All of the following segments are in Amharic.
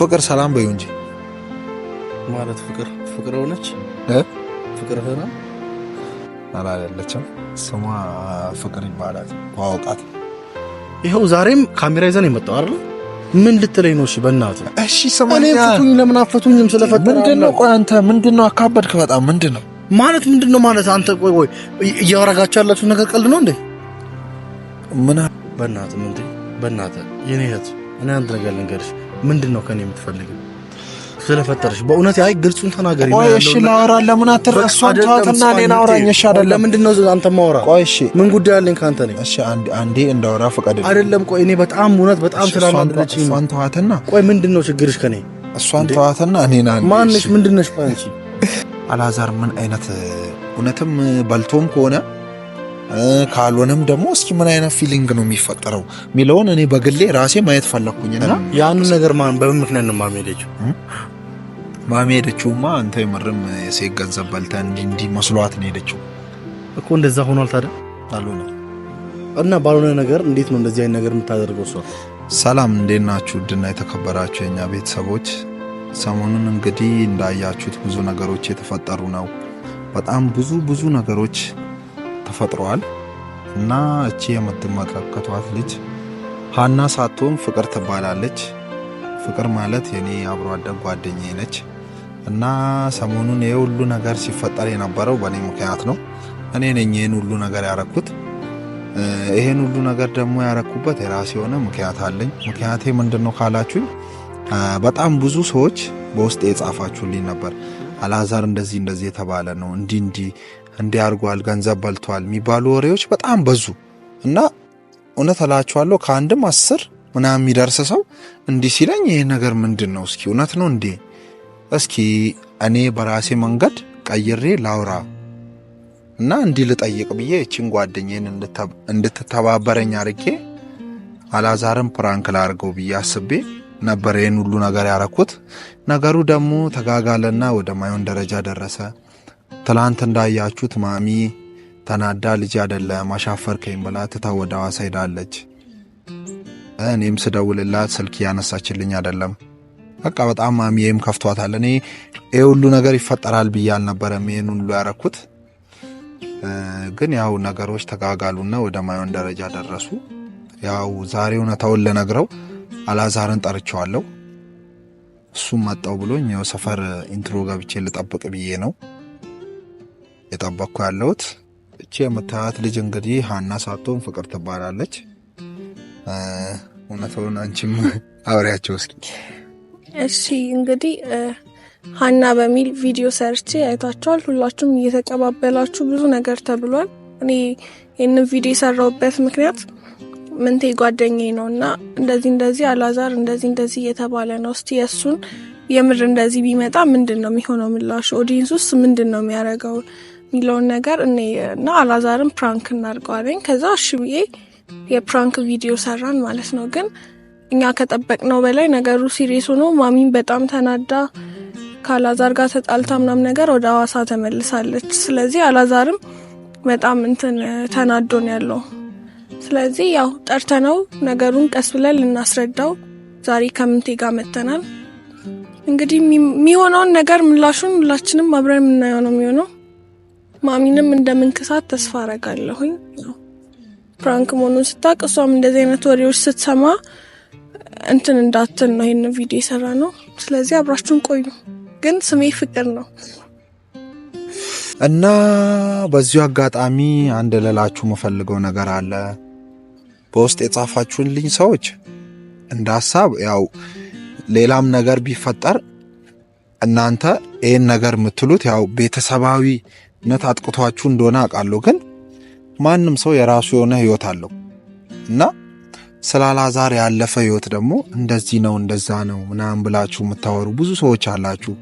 ፍቅር ሰላም በዩ እንጂ ማለት ፍቅር ፍቅር ሆነች እ ፍቅር ሆና አላለችም። ስሟ ፍቅር ይባላል። ዋውቃት ይኸው ዛሬም ካሜራ ይዘን የመጣው አይደል? ምን ልትለኝ ነው? እሺ በእናት እሺ፣ ሰማንያ ፍቱኝ። ለምን አፈቱኝም? ስለፈጠረ ምንድነው? ቆይ አንተ ምንድነው? አካበድክ በጣም ምንድነው? ማለት ምንድነው? ማለት አንተ ቆይ ቆይ፣ እያወራጋችሁ ያላችሁ ነገር ቀልድ ነው እንዴ? ምን በእናት ምን በእናት የኔ እህት፣ እኔ አንድ ነገር ልንገርሽ ምንድን ነው ከኔ የምትፈልግ? ስለፈጠረሽ በእውነት አይ ግልጹን ተናገሪ። ቆይ እሺ፣ ላወራ ለምን አትረሷን ተዋትና እኔን አውራኝ። እሺ አይደለም፣ ለምንድን ነው አንተ ማውራ? ቆይ እሺ፣ ምን ጉዳይ አለኝ ከአንተ ነኝ። እሺ አንድ አንዴ እንዳወራ ፈቀደ አይደለም። ቆይ እኔ በጣም እውነት በጣም ስላናደረች እሷን ተዋትና፣ ቆይ ምንድን ነው ችግርሽ ከኔ? እሷን ተዋትና እኔን አንዴ ማንሽ ምንድን ነሽ? ቆይ አንቺ አላዛር ምን አይነት እውነትም በልቶም ከሆነ ካልሆነም ደግሞ እስኪ ምን አይነት ፊሊንግ ነው የሚፈጠረው የሚለውን እኔ በግሌ ራሴ ማየት ፈለግኩኝ እና ያን ነገር ማን በምን ምክንያት ነው ማሚ ሄደችው? ማሚ ሄደችውማ አንተ የምርም የሴት ገንዘብ በልታ እንዲህ መስሏት ነው ሄደችው እኮ። እንደዛ ሆኗል ታዲያ አልሆነ እና ባልሆነ ነገር እንዴት ነው እንደዚህ አይነት ነገር የምታደርገው? እሷ ሰላም፣ እንዴት ናችሁ? ውድና የተከበራችሁ የእኛ ቤተሰቦች ሰሞኑን እንግዲህ እንዳያችሁት ብዙ ነገሮች የተፈጠሩ ነው። በጣም ብዙ ብዙ ነገሮች ተፈጥሯዋል እና እቺ የምትመለከቷት ልጅ ሀና ሳትሆን ፍቅር ትባላለች። ፍቅር ማለት የኔ አብሮ አደግ ጓደኛዬ ነች እና ሰሞኑን ይህ ሁሉ ነገር ሲፈጠር የነበረው በእኔ ምክንያት ነው። እኔ ነኝ ይህን ሁሉ ነገር ያረኩት። ይህን ሁሉ ነገር ደግሞ ያረኩበት የራሴ የሆነ ምክንያት አለኝ። ምክንያቴ ምንድን ነው ካላችሁኝ በጣም ብዙ ሰዎች በውስጥ የጻፋችሁልኝ ነበር። አላዛር እንደዚህ እንደዚህ የተባለ ነው እንዲ እንዲ እንዲህ አድርጓል፣ ገንዘብ በልቷል የሚባሉ ወሬዎች በጣም በዙ እና እውነት እላችኋለሁ ከአንድም አስር ምናምን የሚደርስ ሰው እንዲህ ሲለኝ ይህ ነገር ምንድን ነው? እስኪ እውነት ነው እንዴ? እስኪ እኔ በራሴ መንገድ ቀይሬ ላውራ እና እንዲህ ልጠይቅ ብዬ እችን ጓደኝን እንድትተባበረኝ አርጌ አላዛርም ፕራንክ ላርገው ብዬ አስቤ ነበር ይህን ሁሉ ነገር ያረኩት። ነገሩ ደግሞ ተጋጋለና ወደ ማየን ደረጃ ደረሰ። ትላንት እንዳያችሁት ማሚ ተናዳ ልጅ አይደለም አሻፈርከኝ ብላ ትታ ወደ ሐዋሳ ሄዳለች። እኔም ስደውልላት ስልክ ያነሳችልኝ አደለም። በቃ በጣም ማሚዬም ከፍቷታል። እኔ ይህ ሁሉ ነገር ይፈጠራል ብዬ አልነበረም ይህን ሁሉ ያረኩት። ግን ያው ነገሮች ተጋጋሉና ወደ ማየን ደረጃ ደረሱ። ያው ዛሬ እውነታውን ለነግረው አላዛርን ጠርቼዋለሁ። እሱም መጣው ብሎኝ ያው ሰፈር ኢንትሮ ገብቼ ልጠብቅ ብዬ ነው የጠበቅኩ ያለሁት። እቺ የምታያት ልጅ እንግዲህ ሀና ሳቶን ፍቅር ትባላለች። እውነቱን አንቺም አውሪያቸው እስኪ። እሺ እንግዲህ ሀና በሚል ቪዲዮ ሰርቼ አይታችኋል። ሁላችሁም እየተቀባበላችሁ ብዙ ነገር ተብሏል። እኔ ይህንን ቪዲዮ የሰራሁበት ምክንያት ምንቴ ጓደኛዬ ነው እና እንደዚህ እንደዚህ አላዛር እንደዚህ እንደዚህ እየተባለ ነው። እስቲ የእሱን የምር እንደዚህ ቢመጣ ምንድን ነው የሚሆነው ምላሹ? ኦዲንስ ውስጥ ምንድን ነው የሚያደርገው? የሚለውን ነገር እኔ እና አላዛርም ፕራንክ እናርገዋለኝ ከዛ እሺ ብዬ የፕራንክ ቪዲዮ ሰራን ማለት ነው። ግን እኛ ከጠበቅነው በላይ ነገሩ ሲሪየስ ሆኖ ማሚን በጣም ተናዳ ከአላዛር ጋር ተጣልታ ምናም ነገር ወደ አዋሳ ተመልሳለች። ስለዚህ አላዛርም በጣም እንትን ተናዶን ያለው ስለዚህ ያው ጠርተነው ነገሩን ቀስ ብለን ልናስረዳው ዛሬ ከምንቴ ጋር መተናል። እንግዲህ የሚሆነውን ነገር ምላሹን ሁላችንም አብረን የምናየው ነው የሚሆነው። ማሚንም እንደምንክሳት ተስፋ አረጋለሁኝ። ፕራንክ መሆኑን ስታቅ እሷም እንደዚህ አይነት ወሬዎች ስትሰማ እንትን እንዳትን ነው ይህን ቪዲዮ የሰራ ነው። ስለዚህ አብራችሁን ቆዩ። ግን ስሜ ፍቅር ነው እና በዚሁ አጋጣሚ አንድ ልላችሁ የምፈልገው ነገር አለ። በውስጥ የጻፋችሁልኝ ሰዎች እንደ ሀሳብ ያው ሌላም ነገር ቢፈጠር እናንተ ይህን ነገር የምትሉት ያው ቤተሰባዊ ነት አጥቅቷችሁ እንደሆነ አውቃለሁ፣ ግን ማንም ሰው የራሱ የሆነ ህይወት አለው እና ስለ አላዛር ያለፈ ህይወት ደግሞ እንደዚህ ነው እንደዛ ነው ምናምን ብላችሁ የምታወሩ ብዙ ሰዎች አላችሁ።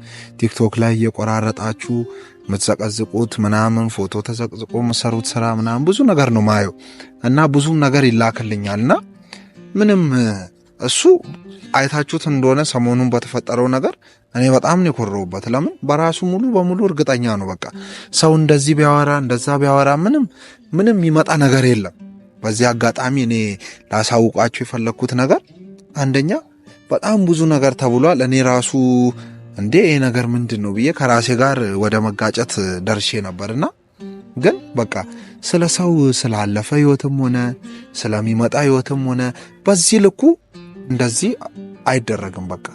ቲክቶክ ላይ እየቆራረጣችሁ የምትዘቀዝቁት ምናምን ፎቶ ተዘቅዝቆ የምሰሩት ስራ ምናምን ብዙ ነገር ነው ማየው እና ብዙም ነገር ይላክልኛል እና ምንም እሱ አይታችሁት እንደሆነ ሰሞኑን በተፈጠረው ነገር እኔ በጣም ነው የኮረውበት። ለምን በራሱ ሙሉ በሙሉ እርግጠኛ ነው። በቃ ሰው እንደዚህ ቢያወራ እንደዛ ቢያወራ ምንም ምንም የሚመጣ ነገር የለም። በዚህ አጋጣሚ እኔ ላሳውቃችሁ የፈለግኩት ነገር አንደኛ በጣም ብዙ ነገር ተብሏል። እኔ ራሱ እንዴ ይሄ ነገር ምንድን ነው ብዬ ከራሴ ጋር ወደ መጋጨት ደርሼ ነበርና ግን በቃ ስለ ሰው ስላለፈ ህይወትም ሆነ ስለሚመጣ ህይወትም ሆነ በዚህ ልኩ እንደዚህ አይደረግም። በቃ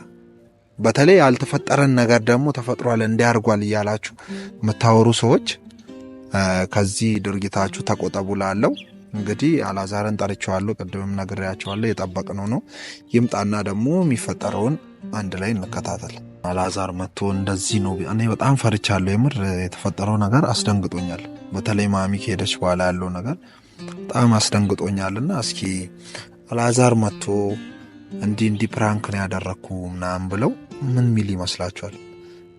በተለይ ያልተፈጠረን ነገር ደግሞ ተፈጥሯል እንዲያርጓል እያላችሁ የምታወሩ ሰዎች ከዚህ ድርጊታችሁ ተቆጠቡ። ላለው እንግዲህ አላዛርን ጠርቸዋለሁ፣ ቅድምም ነግሬያቸዋለሁ። የጠበቅነው ነው ይምጣና ደግሞ የሚፈጠረውን አንድ ላይ እንከታተል። አላዛር መጥቶ እንደዚህ ነው። እኔ በጣም ፈርቻለሁ። የምር የተፈጠረው ነገር አስደንግጦኛል። በተለይ ማሚ ከሄደች በኋላ ያለው ነገር በጣም አስደንግጦኛልና እስኪ አላዛር መጥቶ እንዲህ እንዲህ ፕራንክ ነው ያደረግኩ ምናምን ብለው ምን ሚል ይመስላችኋል?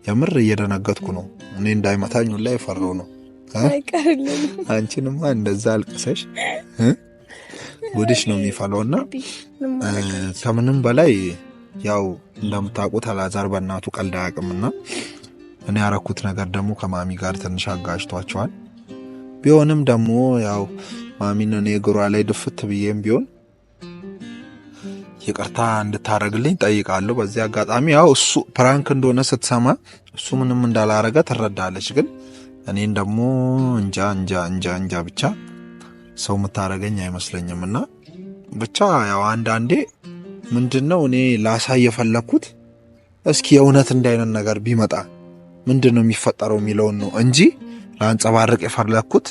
የምር እየደነገጥኩ ነው እኔ እንዳይመታኝ ሁላ የፈራው ነው። አንቺንማ እንደዛ አልቅሰሽ ጉድሽ ነው የሚፈለው። እና ከምንም በላይ ያው እንደምታውቁት አላዛር በእናቱ ቀልድ አያውቅምና እኔ ያረኩት ነገር ደግሞ ከማሚ ጋር ትንሽ አጋጭቷቸዋል። ቢሆንም ደግሞ ያው ማሚን እኔ እግሯ ላይ ድፍት ብዬም ቢሆን ይቅርታ እንድታደርግልኝ ጠይቃለሁ። በዚህ አጋጣሚ ያው እሱ ፕራንክ እንደሆነ ስትሰማ እሱ ምንም እንዳላረገ ትረዳለች። ግን እኔን ደግሞ እንጃ እንጃ እንጃ እንጃ ብቻ ሰው የምታደርገኝ አይመስለኝም። እና ብቻ ያው አንዳንዴ ምንድን ነው እኔ ላሳይ የፈለግኩት እስኪ የእውነት እንዳይነት ነገር ቢመጣ ምንድን ነው የሚፈጠረው የሚለውን ነው እንጂ ለአንጸባርቅ የፈለግኩት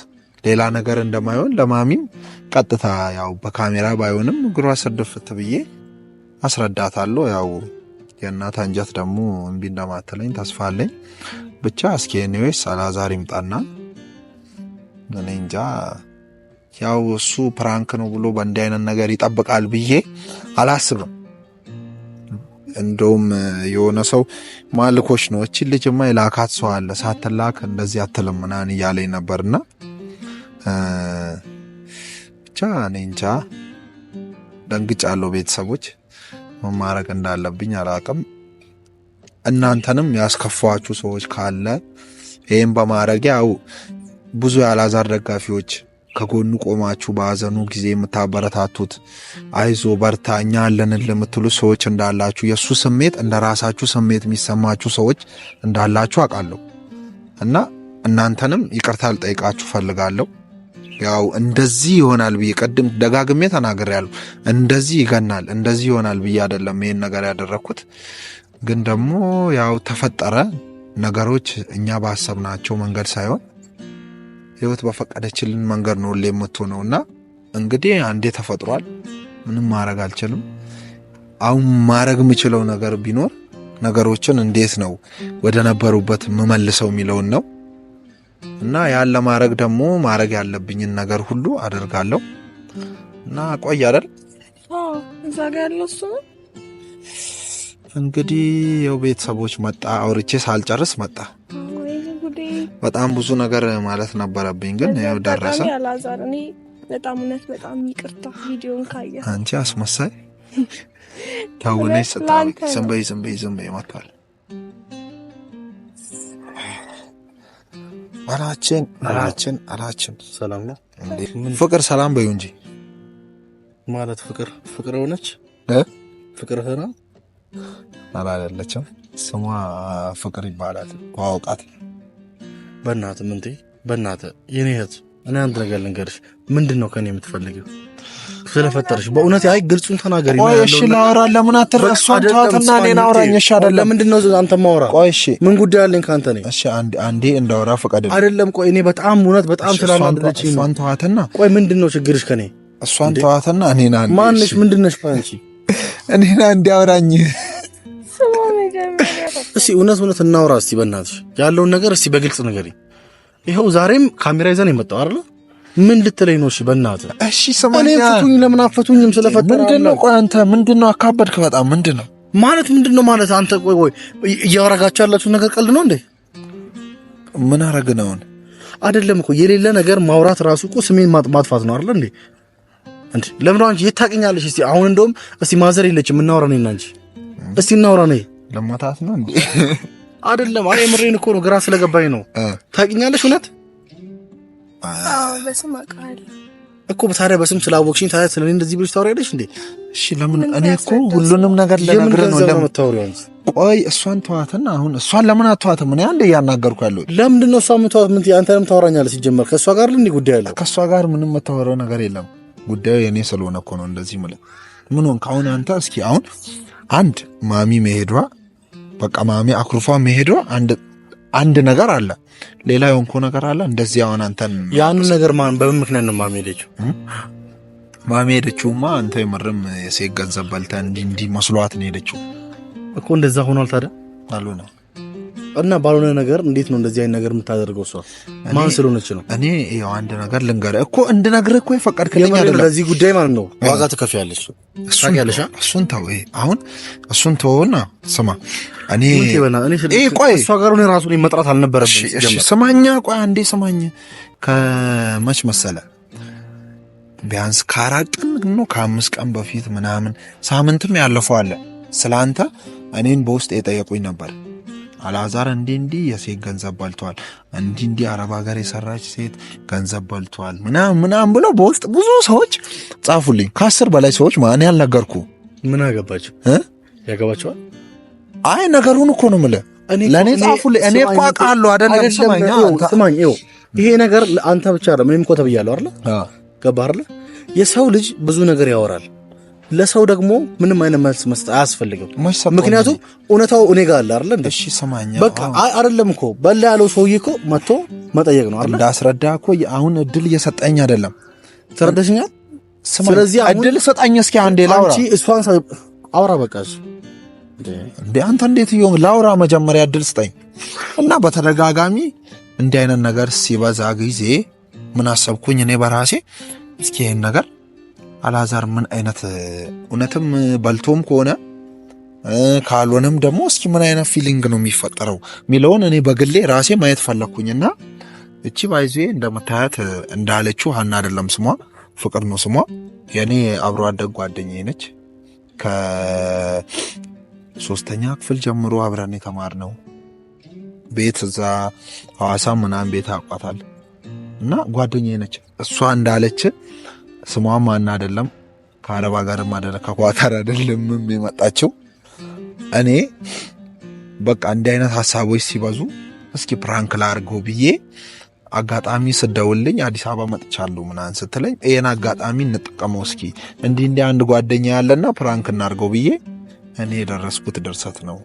ሌላ ነገር እንደማይሆን ለማሚም ቀጥታ ያው በካሜራ ባይሆንም እግሯ ስድፍት ብዬ አስረዳታለሁ። ያው የእናት አንጀት ደግሞ እምቢ እንደማትለኝ ተስፋ አለኝ። ብቻ እስኪ ኒዌስ አላዛር ይምጣና እኔ እንጃ ያው እሱ ፕራንክ ነው ብሎ በእንዲህ አይነት ነገር ይጠብቃል ብዬ አላስብም። እንደውም የሆነ ሰው ማልኮች ነው እቺ ልጅማ የላካት ሰው አለ ሳትላክ እንደዚህ አትልም ምናምን እያለኝ ነበርና ብቻ እኔ እንጃ ደንግጫለሁ ቤተሰቦች ምን ማድረግ እንዳለብኝ አላቅም። እናንተንም ያስከፋችሁ ሰዎች ካለ ይህም በማድረግ ያው ብዙ የአላዛር ደጋፊዎች ከጎኑ ቆማችሁ በሀዘኑ ጊዜ የምታበረታቱት አይዞ በርታ እኛ አለንል ሰዎች እንዳላችሁ የእሱ ስሜት እንደ ራሳችሁ ስሜት የሚሰማችሁ ሰዎች እንዳላችሁ አውቃለሁ እና እናንተንም ይቅርታ ልጠይቃችሁ ፈልጋለሁ። ያው እንደዚህ ይሆናል ብዬ ቀድም ደጋግሜ ተናግሬያለሁ። እንደዚህ ይገናል፣ እንደዚህ ይሆናል ብዬ አይደለም ይሄን ነገር ያደረግኩት። ግን ደግሞ ያው ተፈጠረ። ነገሮች እኛ ባሰብናቸው መንገድ ሳይሆን ህይወት በፈቀደችልን መንገድ ነው ሁሌ የምትሆነው እና እንግዲህ አንዴ ተፈጥሯል። ምንም ማድረግ አልችልም። አሁን ማድረግ የምችለው ነገር ቢኖር ነገሮችን እንዴት ነው ወደ ነበሩበት የምመልሰው የሚለውን ነው። እና ያን ለማድረግ ደግሞ ማድረግ ያለብኝን ነገር ሁሉ አደርጋለሁ። እና ቆይ አይደል እዛ ጋ ያለው እሱ እንግዲህ የው ቤተሰቦች መጣ፣ አውርቼ ሳልጨርስ መጣ። በጣም ብዙ ነገር ማለት ነበረብኝ፣ ግን ያው ደረሰ። በጣም እውነት በጣም ይቅርታ። ቪዲዮን ካየ አንቺ አስመሳይ ታውነሽ ስታ ዝም በይ ዝም በይ ዝም በይ መቷል። አላችን አላችን አላችን ሰላም ነው። ፍቅር ሰላም በዩ እንጂ ማለት ፍቅር ፍቅር ሆነች ፍቅር ሆና አላለችም። ስሟ ፍቅር ይባላል። ዋውቃት በእናት ምንቴ በእናት የኔ እህት እኔ አንድ ነገር ልንገርሽ። ምንድን ነው ከኔ የምትፈልገው? ስለፈጠረሽ በእውነት አይ ግልጹን ተናገሪ። እሺ ላወራ ለምን አትረሷን ተዋትና እኔን አውራኝ። እሺ አይደለም ምንድን ነው አንተ ማውራ? ቆይ እሺ ምን ጉዳይ አለኝ ከአንተ ነኝ። እሺ አንድ አንዴ እንዳወራ ፈቃድ አይደለም። ቆይ እኔ በጣም እውነት በጣም ስላናደደች እሷን ተዋትና፣ ቆይ ምንድን ነው ችግርሽ ከኔ? እሷን ተዋትና እኔን አንዴ ማንሽ ምንድን ነሽ ባንቺ እኔን አንዴ አውራኝ። እስቲ እውነት እውነት እናውራ እስቲ፣ በእናትሽ ያለውን ነገር እስቲ በግልጽ ንገሪኝ። ይኸው ዛሬም ካሜራ ይዘን የመጣው አይደል ምን ልትለኝ ነው? እሺ በእናትህ እሺ፣ ሰማኛ ፍቱኝ። ለምን አፈቱኝም? ስለፈጠረ ምንድን ነው? ቆይ አንተ ምንድን ነው አካበድክ በጣም ምንድን ነው ማለት ምንድን ነው ማለት አንተ፣ ቆይ ቆይ፣ እያወራጋችሁ ያላችሁ ነገር ቀልድ ነው እንዴ? ምን አረግ አሁን? አይደለም እኮ የሌለ ነገር ማውራት ራሱ እኮ ስሜን ማጥፋት ነው አይደል እንዴ? እንዴ ለምን አንቺ የታቀኛለሽ? እስቲ አሁን እንደውም እስቲ ማዘር የለችም እናውራ ነኝ እንጂ እስቲ እናውራ ነኝ። ለማታት ነው እንዴ? አይደለም፣ አይ ምሬን እኮ ነው፣ ግራ ስለገባኝ ነው። ታቀኛለሽ እውነት በስም አውቃለሁ እኮ ታዲያ በስም ስላወቅሽኝ ታዲያ ስለ እኔ እንደዚህ ብለሽ ታወሪያለሽ እንዴ? እሺ ለምን እኔ እኮ ሁሉንም ነገር ለነግር ነው እንደምታወሪው። ቆይ እሷን ተዋትና አሁን እሷን ለምን አትዋትም? እኔ አንዴ እያናገርኩ ያለው ለምንድን ነው? እሷ ምን ተዋት? ምን አንተ ለምን ታወራኛለህ? ሲጀመር ከእሷ ጋር ልንዲ ጉዳይ አለው። ከእሷ ጋር ምንም የምታወራው ነገር የለም። ጉዳዩ የእኔ ስለሆነ እኮ ነው እንደዚህ የምልህ። ምን ሆንክ አሁን አንተ? እስኪ አሁን አንድ ማሚ መሄዷ በቃ ማሚ አኩርፏ መሄዷ አንድ አንድ ነገር አለ፣ ሌላ የሆንኩ ነገር አለ። እንደዚህ አሁን አንተን ያንን ነገር በምን ምክንያት ነው ማሚ ሄደችው? ማሚ ሄደችውማ አንተ የምርም የሴት ገንዘብ በልተህ እንዲህ እንዲህ መስሏት ነው ሄደችው እኮ። እንደዛ ሆኗል ታዲያ አሉ ነው እና ባልሆነ ነገር እንዴት ነው እንደዚህ አይነት ነገር የምታደርገው? እሷ ማን ስለሆነች ነው? እኔ ይኸው አንድ ነገር ልንገርህ እኮ እንድነግርህ እኮ የፈቀድክልኝ አይደለም። ለዚህ ጉዳይ ማለት ነው ዋጋ ትከፍያለሽ። እሱን ተው። አሁን እሱን ተወውና ስማ፣ እኔ ቆይ እሷ ጋር ሆነ ራሱ መጥራት አልነበረብኝ። ስማኛ፣ ቆይ አንዴ ስማኝ። ከመች መሰለ ቢያንስ ከአራት ቀን ነው ከአምስት ቀን በፊት ምናምን ሳምንትም ያለፈው አለ ስለ አንተ እኔን በውስጥ የጠየቁኝ ነበር አልዓዛር እንዲህ እንዲህ የሴት ገንዘብ በልቷል፣ እንዲህ እንዲህ አረብ ሀገር የሰራች ሴት ገንዘብ በልቷል ምናምን ምናምን ብለው በውስጥ ብዙ ሰዎች ጻፉልኝ። ከአስር በላይ ሰዎች ማን ያልነገርኩ ምን አገባቸው ያገባቸዋል። አይ ነገሩን እኮ ነው የምልህ ለእኔ ጻፉልኝ። እኔ እኮ አውቃለሁ አይደለም። ይሄ ነገር አንተ ብቻ ምንም እኮ ተብያለሁ አይደለ? ገባህ አይደለ? የሰው ልጅ ብዙ ነገር ያወራል ለሰው ደግሞ ምንም አይነት መልስ መስጠት አያስፈልግም። ምክንያቱም እውነታው እኔ ጋር አለ አለ እሺ ሰማኛ። በቃ አይደለም እኮ በላ ያለው ሰውዬ እኮ መጥቶ መጠየቅ ነው እንዳስረዳ እኮ አሁን እድል እየሰጠኝ አይደለም። ተረዳሽኛል? ስለዚህ እድል ሰጣኝ እስኪ አንዴ ላውራ። እሷን አውራ በቃ እሱ እንዴ አንተ እንዴት ይሁን ላውራ። መጀመሪያ እድል ስጠኝ እና በተደጋጋሚ እንዲህ አይነት ነገር ሲበዛ ጊዜ ምን አሰብኩኝ እኔ በራሴ እስኪ ይህን ነገር አላዛር ምን አይነት እውነትም በልቶም ከሆነ ካልሆነም ደግሞ እስኪ ምን አይነት ፊሊንግ ነው የሚፈጠረው የሚለውን እኔ በግሌ ራሴ ማየት ፈለግኩኝና እቺ ባይዜ እንደምታያት እንዳለችው ሀና አይደለም ስሟ፣ ፍቅር ነው ስሟ። የእኔ አብሮ አደግ ጓደኛዬ ነች። ከሶስተኛ ክፍል ጀምሮ አብረን የተማርነው ቤት እዛ ሐዋሳ ምናምን ቤት አውቋታል እና ጓደኛዬ ነች እሷ እንዳለች ስሟም ማና አደለም፣ ከአረብ ሀገርም አይደለም፣ ከኳታር አደለም የመጣችው። እኔ በቃ እንዲህ አይነት ሀሳቦች ሲበዙ እስኪ ፕራንክ ላድርገው ብዬ አጋጣሚ ስደውልኝ አዲስ አበባ መጥቻለሁ ምናምን ስትለኝ ይህን አጋጣሚ እንጠቀመው እስኪ እንዲህ እንዲህ አንድ ጓደኛ ያለና ፕራንክ እናድርገው ብዬ እኔ የደረስኩት ድርሰት ነው።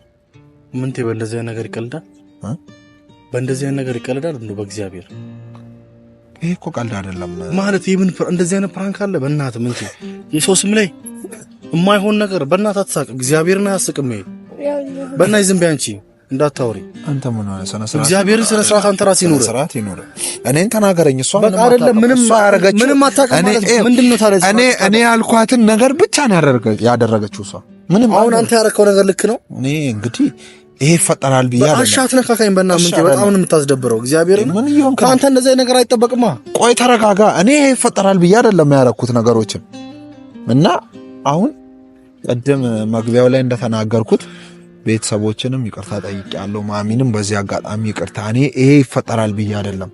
ምንቴ በእንደዚህ ነገር ይቀልዳል፣ በእንደዚህ ነገር ይቀልዳል እንዶ በእግዚአብሔር ይሄ እኮ ቀልድ አይደለም። ማለት የምን እንደዚህ አይነት ፕራንክ አለ? በእናት ምን የሰው ስም ላይ የማይሆን ነገር በእናት አትሳቅ። እግዚአብሔርን አያስቅም። ይሄ ዝም በይ አንቺ እንዳታውሪ። አንተ ምን ሆነ? ስነ ስርዓት እግዚአብሔርን፣ ስነ ስርዓት አንተ ራስህ ይኑር፣ ስርዓት ይኑር። እኔን ተናገረኝ። እሷ ምንም አይደለም ምንም አያረጋችሁ፣ ምንም አታውቅም ማለት ምንድን ነው ታዲያ? እኔ እኔ ያልኳትን ነገር ብቻ ነው ያደረገችው እሷ ምንም። አሁን አንተ ያረከው ነገር ልክ ነው። እኔ እንግዲህ ይሄ ይፈጠራል ብዬ አሻት ነካካኝ። በእናትህ በጣም ነው የምታስደብረው። እግዚአብሔር ከአንተ እንደዚህ ነገር አይጠበቅማ። ቆይ ተረጋጋ። እኔ ይሄ ይፈጠራል ብዬ አይደለም ያደረኩት ነገሮችን እና አሁን ቅድም መግቢያው ላይ እንደተናገርኩት ቤተሰቦችንም ይቅርታ ጠይቄያለሁ። ማሚንም በዚህ አጋጣሚ ይቅርታ። እኔ ይሄ ይፈጠራል ብዬ አይደለም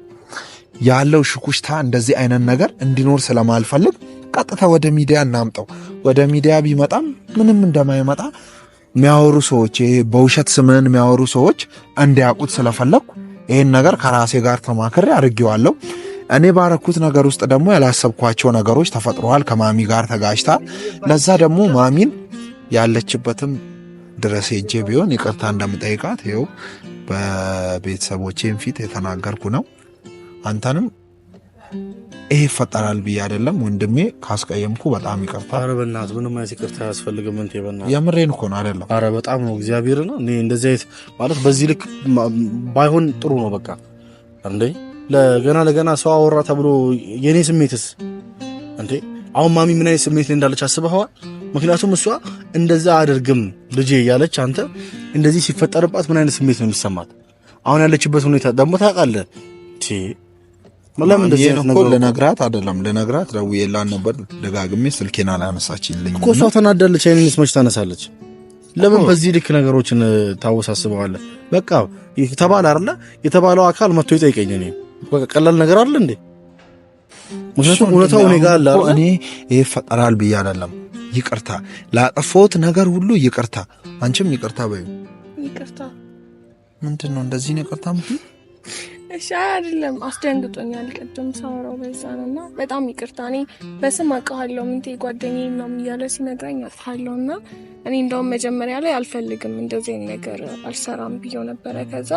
ያለው ሽኩሽታ እንደዚህ አይነት ነገር እንዲኖር ስለማልፈልግ ቀጥታ ወደ ሚዲያ እናምጠው። ወደ ሚዲያ ቢመጣም ምንም እንደማይመጣ የሚያወሩ ሰዎች በውሸት ስምን የሚያወሩ ሰዎች እንዲያውቁት ስለፈለግኩ ይህን ነገር ከራሴ ጋር ተማክሬ አድርጌዋለሁ። እኔ ባረኩት ነገር ውስጥ ደግሞ ያላሰብኳቸው ነገሮች ተፈጥረዋል። ከማሚ ጋር ተጋጭታ፣ ለዛ ደግሞ ማሚን ያለችበትም ድረስ ሄጄ ቢሆን ይቅርታ እንደምጠይቃት ይኸው በቤተሰቦቼም ፊት የተናገርኩ ነው። አንተንም ይሄ ይፈጠራል ብዬ አይደለም ወንድሜ፣ ካስቀየምኩ በጣም ይቅርታ። ኧረ በእናትህ ምንም አይነት ይቅርታ አያስፈልግም። እንትን በእናትህ የምሬን እኮ ነው አይደለም። ኧረ በጣም ነው እግዚአብሔር ነው። እኔ እንደዚህ አይነት ማለት በዚህ ልክ ባይሆን ጥሩ ነው በቃ። እንዴ ለገና ለገና ሰው አወራ ተብሎ የእኔ ስሜትስ እንዴ አሁን ማሚ ምን አይነት ስሜት እንዳለች አስበኸዋል? ምክንያቱም እሷ እንደዛ አድርግም ልጄ እያለች አንተ እንደዚህ ሲፈጠርባት ምን አይነት ስሜት ነው የሚሰማት? አሁን ያለችበት ሁኔታ ደግሞ ታውቃለህ። ለነግራት እንደዚህ ነው እኮ ልነግራት አይደለም ልነግራት ደውዬላት ነበር ደጋግሜ ስልኬን አላነሳችልኝ እኮ እሷ ተናዳለች አይንስ መች ታነሳለች ለምን በዚህ ልክ ነገሮችን ታወሳስበዋለህ በቃ የተባለ አይደለ የተባለው አካል መጥቶ ይጠይቀኝ እኔ በቃ ቀላል ነገር አለ እንዴ ምክንያቱም እውነታው እኔ ጋር አለ እኔ ይሄ ፈጠራል ብዬ አይደለም ይቅርታ ላጠፋሁት ነገር ሁሉ ይቅርታ አንቺም ይቅርታ በይ። ይቅርታ ምንድን ነው እንደዚህ ይቅርታ ይቅርታ እሺ አይደለም፣ አስደንግጦኛል። ቅድም ሳወራው በዛ ነው እና በጣም ይቅርታ። እኔ በስም አውቃለሁ ምንቴ ጓደኛዬ ነው እያለ ሲነግረኝ አውቃለሁ እና እኔ እንደውም መጀመሪያ ላይ አልፈልግም እንደዚህ ነገር አልሰራም ብዬው ነበረ። ከዛ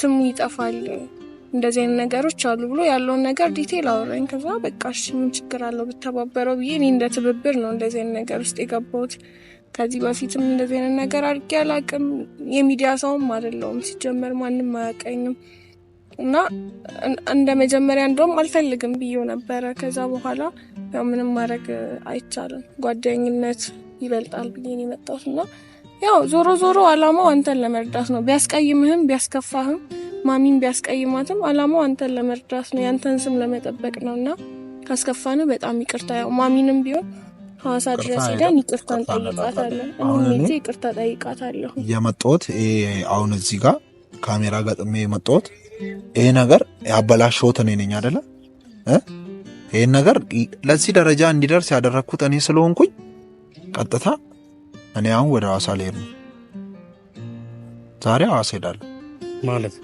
ስሙ ይጠፋል እንደዚህ አይነት ነገሮች አሉ ብሎ ያለውን ነገር ዲቴል አወራኝ። ከዛ በቃ እሺ ምን ችግር አለው ብተባበረው ብዬ እኔ እንደ ትብብር ነው እንደዚህ አይነት ነገር ውስጥ የገባሁት። ከዚህ በፊትም እንደዚህ አይነት ነገር አድርጌ አላቅም። የሚዲያ ሰውም አይደለውም ሲጀመር፣ ማንም አያውቀኝም። እና እንደ መጀመሪያ እንደውም አልፈልግም ብዬ ነበረ። ከዛ በኋላ ያው ምንም ማድረግ አይቻልም፣ ጓደኝነት ይበልጣል ብዬ ነው የመጣሁት። እና ያው ዞሮ ዞሮ አላማው አንተን ለመርዳት ነው። ቢያስቀይምህም ቢያስከፋህም ማሚን ቢያስቀይማትም አላማው አንተን ለመርዳት ነው፣ ያንተን ስም ለመጠበቅ ነው። እና ካስከፋን በጣም ይቅርታ። ያው ማሚንም ቢሆን ሐዋሳ ድረስ ሄደን ይቅርታን ጠይቃታለን። አሁን ይቅርታ ጠይቃታለሁ። የመጣሁት አሁን እዚህ ጋር ካሜራ ገጥሜ የመጣሁት ይሄ ነገር ያበላሸሁት እኔ ነኝ አደለ? ይህን ነገር ለዚህ ደረጃ እንዲደርስ ያደረግኩት እኔ ስለሆንኩኝ ቀጥታ እኔ አሁን ወደ ሐዋሳ ልሄድ ነው። ዛሬ ሐዋሳ ሄዳለሁ ማለት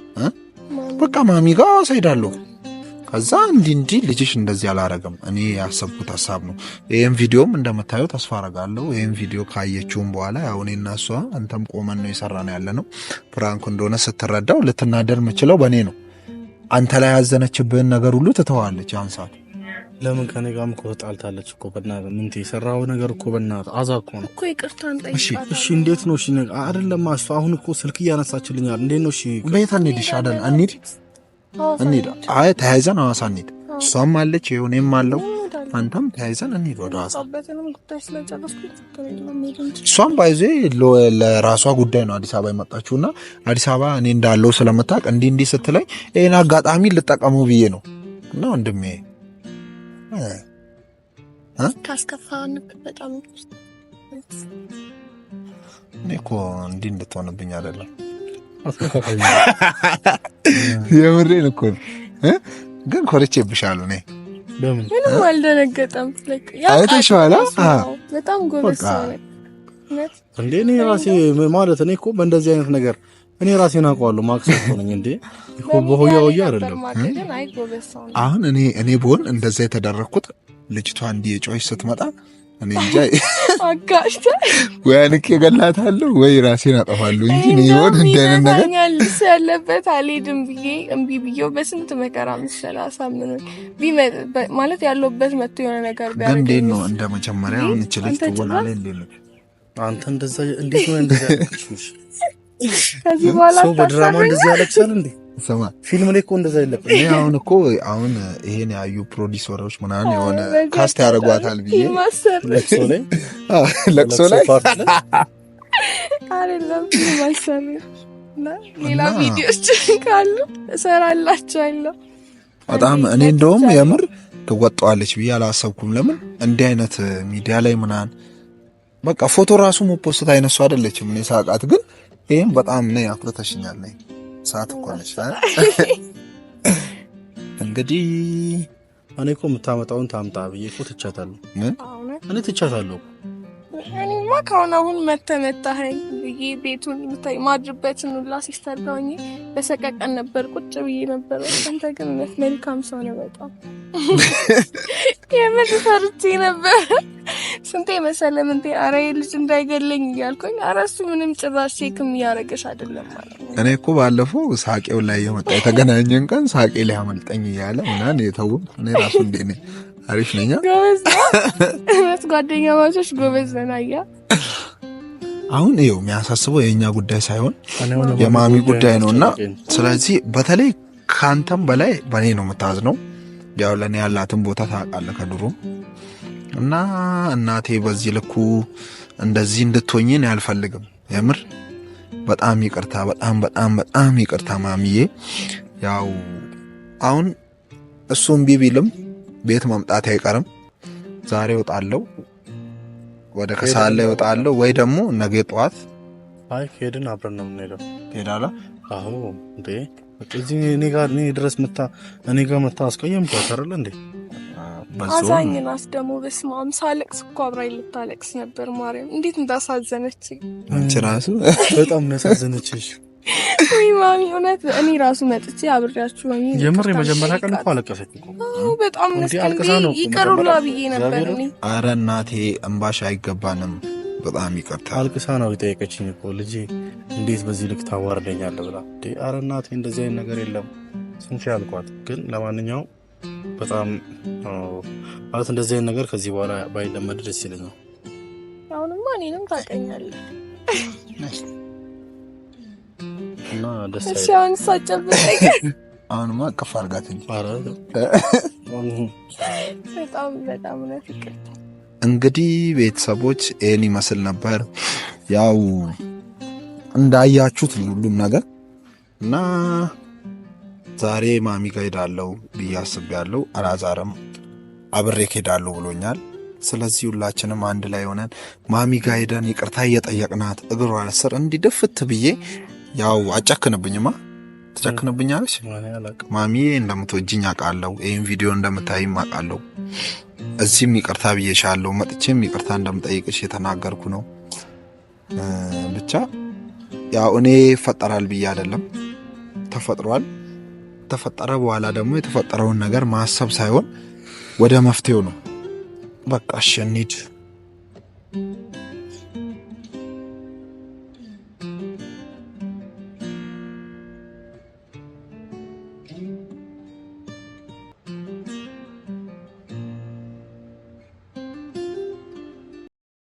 በቃ ማሚ ጋር ሐዋሳ ሄዳለሁ። ከዛ እንዲህ እንጂ ልጅሽ እንደዚህ አላረግም እኔ ያሰብኩት ሀሳብ ነው። ይህም ቪዲዮም እንደምታየው ተስፋ አረጋለሁ። ይህም ቪዲዮ ካየችውም በኋላ ያው እኔ እና እሷ አንተም ቆመን ነው የሰራ ነው ያለ ነው። ፕራንክ እንደሆነ ስትረዳው ልትናደር የምችለው በእኔ ነው። አንተ ላይ ያዘነችብህን ነገር ሁሉ ትተዋለች። ያን ሰዓት ለምን ከኔ ጋርም እኮ ተጣልታለች እኮ በእናትህ ምንት የሰራው ነገር እኮ በእናትህ አዛ እኮ ነው እኮ ይቅርታ እንጠይቃለን። እሺ እንዴት ነው? እሺ አይደለም፣ አሁን እኮ ስልክ እያነሳችልኛል። እንዴት ነው? እሺ ቤት እንሂድ፣ ይሻላል፣ አንሄድሽ ይሻላል እንሂድ እንሂድ። አይ ተያይዘን ሐዋሳ እንሂድ። እሷም አለች ይኸው እኔም አለው አንተም ተያይዘን እንሂድ ወደ ሐዋሳ። እሷም ባይዜ ለራሷ ጉዳይ ነው አዲስ አበባ የመጣችው እና አዲስ አበባ እኔ እንዳለው ስለምታውቅ እንዲህ እንዲህ ስትለኝ ይህን አጋጣሚ ልጠቀመው ብዬ ነው እና ወንድሜ እኔ እኮ እንዲህ እንድትሆንብኝ አይደለም የምሬን እኮ ግን ኮርቼብሻለሁ። እኔ ምንም አልደነገጠም። ኋላ በጣም ጎበዝ እንዴ! እኔ ራሴ ማለት እኔ እኮ በእንደዚህ አይነት ነገር እኔ ራሴን አውቀዋለሁ። ማክስ ሆነኝ እንዴ በሆያ ሆያ አይደለም። አሁን እኔ እኔ ብሆን እንደዛ የተደረግኩት ልጅቷ እንዲህ የጮች ስትመጣ እኔ እንጃ አጋሽታ ወይ አንቄ ገላታለሁ ወይ ራሴን አጠፋለሁ እንጂ እኔ ይሆን እንደነን ነገር ያለበት አልሄድም ብዬ እምቢ ብዬው በስንት መከራ መሰላ ሳምኑን ማለት ያለበት መቶ የሆነ ነገር ቢያደርግ እንዴት ነው እንደ መጀመሪያ አሁን ይችላል ትወናለ እንዴ ነው አንተ እንደዛ እንዴት ነው እንደዛ ከዚህ በኋላ ሰው በድራማ እንደዚህ ያለቅሳል እንዴ ፊልም ላይ እኮ እንደዛ የለም። እኔ አሁን እኮ አሁን ይሄን ያዩ ፕሮዲሰሮች ምናምን የሆነ ካስት ያደርጓታል ብዬ ለቅሶ ላይ አይደለም ማሰብ ሌላ ቪዲዮች ካሉ እሰራላችኋለሁ። በጣም እኔ እንደውም የምር ትወጣዋለች ብዬ አላሰብኩም። ለምን እንዲህ አይነት ሚዲያ ላይ ምናምን በቃ ፎቶ ራሱ መፖስት አይነሱ አይደለችም። እኔ ሳውቃት ግን ይህም በጣም ነ አኩርተሽኛል ነኝ ሰዓት እኮ ነች። እንግዲህ እኔ እኮ የምታመጣውን ታምጣ ብዬ እኮ ትቻታለሁ። እኔ ትቻታለሁ። እኔማ ከአሁን አሁን መተመታኸኝ ብዬ ቤቱን የምታይ ማድርበትን ሁላ ሲስተር ጋኝ በሰቀቀን ነበር ቁጭ ብዬ ነበረ። አንተ ግን እውነት መልካም ሰው ነው። በጣም የምር ፈርቼ ነበር። ስንቴ መሰለ ምንቴ አረ ልጅ እንዳይገለኝ እያልኩኝ፣ አረ ምንም ጭራሽ ሴክም እያረገሽ አይደለም ማለት እኔ እኮ ባለፈው ሳቄው ላይ የመጣ የተገናኘን ቀን ሳቄ ላይ አመልጠኝ እያለ ምናምን የተው እኔ ራሱ እንዴ ነኝ አሪፍ ነኛ ስ ጓደኛ ማቾች ጎበዝ ነናያ አሁን ይኸው የሚያሳስበው የእኛ ጉዳይ ሳይሆን የማሚ ጉዳይ ነው እና ስለዚህ በተለይ ከአንተም በላይ በእኔ ነው የምታዝነው። ያው ለእኔ ያላትን ቦታ ታውቃለህ ከድሮ እና እናቴ በዚህ ልኩ እንደዚህ እንድትሆኝን አልፈልግም የምር በጣም ይቅርታ፣ በጣም በጣም በጣም ይቅርታ ማሚዬ። ያው አሁን እሱም ቢቢልም ቤት መምጣት አይቀርም። ዛሬ እወጣለሁ፣ ወደ ከሳለ እወጣለሁ፣ ወይ ደግሞ ነገ ጠዋት አይ ከሄድን አብረን ነው የምንሄደው። ትሄዳለህ? አዎ። እንዴ እዚህ እኔ ጋር እኔ ድረስ መታ እኔ ጋር መታ አስቀየምኳት አይደል እንዴ? አዛኝ ናት ደግሞ በስመ አብ ሳለቅስ እኮ አብራኝ ልታለቅስ ነበር። ማርያም እንዴት እንዳሳዘነች አንቺ ራሱ በጣም እንዳሳዘነችሽ ወይ ማሚ፣ እውነት እኔ ራሱ መጥቼ አብሬያችሁ ሆኜ የምር የመጀመሪያ ቀን እኮ አለቀሰች። በጣም ይቀሩላ ብዬ ነበር። አረ እናቴ እምባሽ አይገባንም። በጣም ይቅርታ። አልቅሳ ነው የጠየቀችኝ እኮ ልጄ እንዴት በዚህ ልክ ታዋርደኛለህ ብላ። አረ እናቴ እንደዚህ አይነት ነገር የለም ስንቼ አልኳት። ግን ለማንኛውም በጣም ማለት እንደዚህ አይነት ነገር ከዚህ በኋላ ባይለመድ ደስ ይለኛል። አሁንማ እኔንም ታውቀኛለህ እና ደስ አሁን ሳጨብጠኝ አሁንማ እቅፍ አድርጋትኝ በጣም በጣም ነው ፍቅር። እንግዲህ ቤተሰቦች ይህን ይመስል ነበር ያው እንዳያችሁት ሁሉም ነገር እና ዛሬ ማሚ ጋ ሄዳለሁ ብዬ አስቤያለሁ። አላዛርም አብሬ ከሄዳለሁ ብሎኛል። ስለዚህ ሁላችንም አንድ ላይ ሆነን ማሚ ጋ ሄደን ይቅርታ እየጠየቅናት እግሯ ስር እንዲደፍት ብዬ ያው አጨክንብኝማ ትጨክንብኛለች። ማሚ እንደምትወጂኝ አውቃለሁ። ይህም ቪዲዮ እንደምታይም አውቃለሁ። እዚህም ይቅርታ ብዬሻለሁ። መጥቼም ይቅርታ እንደምጠይቅሽ የተናገርኩ ነው። ብቻ ያው እኔ ይፈጠራል ብዬ አይደለም ተፈጥሯል። ከተፈጠረ በኋላ ደግሞ የተፈጠረውን ነገር ማሰብ ሳይሆን ወደ መፍትሄው ነው። በቃ እሺ እንሂድ።